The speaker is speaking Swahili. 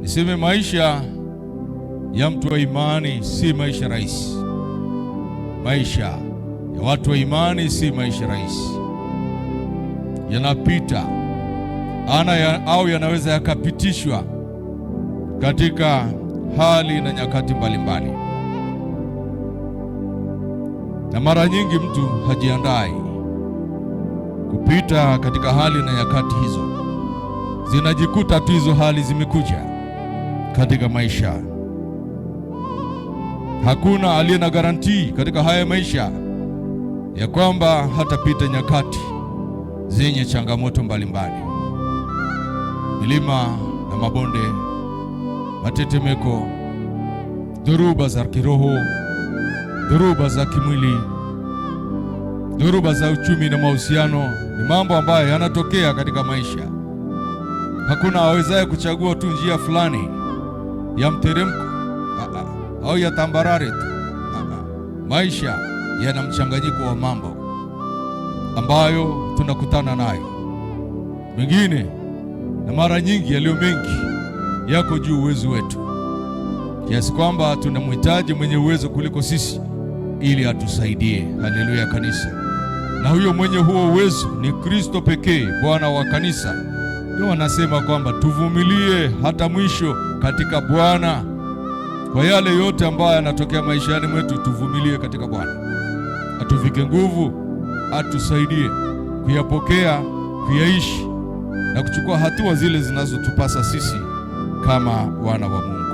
Niseme maisha ya mtu wa imani si maisha rahisi. Maisha ya watu wa imani si maisha rahisi, yanapita ana ya, au yanaweza yakapitishwa katika hali na nyakati mbalimbali mbali. Na mara nyingi mtu hajiandai kupita katika hali na nyakati hizo, zinajikuta tu hizo hali zimekuja katika maisha. Hakuna aliye na garantii katika haya maisha ya kwamba hatapita nyakati zenye changamoto mbalimbali, milima na mabonde, matetemeko, dhoruba za kiroho, dhoruba za kimwili, dhoruba za uchumi na mahusiano. Ni mambo ambayo yanatokea katika maisha. Hakuna awezaye kuchagua tu njia fulani ya mteremko au ya tambarare tu. Maisha yana mchanganyiko wa mambo ambayo tunakutana nayo, mengine na mara nyingi yaliyo mengi yako juu uwezo wetu, kiasi kwamba tunamhitaji mwenye uwezo kuliko sisi ili atusaidie. Haleluya kanisa. Na huyo mwenye huo uwezo ni Kristo pekee, Bwana wa kanisa. Ndio wanasema kwamba tuvumilie hata mwisho katika Bwana. Kwa yale yote ambayo yanatokea maishani mwetu, tuvumilie katika Bwana, atuvike nguvu, atusaidie kuyapokea, kuyaishi na kuchukua hatua zile zinazotupasa sisi kama wana wa Mungu.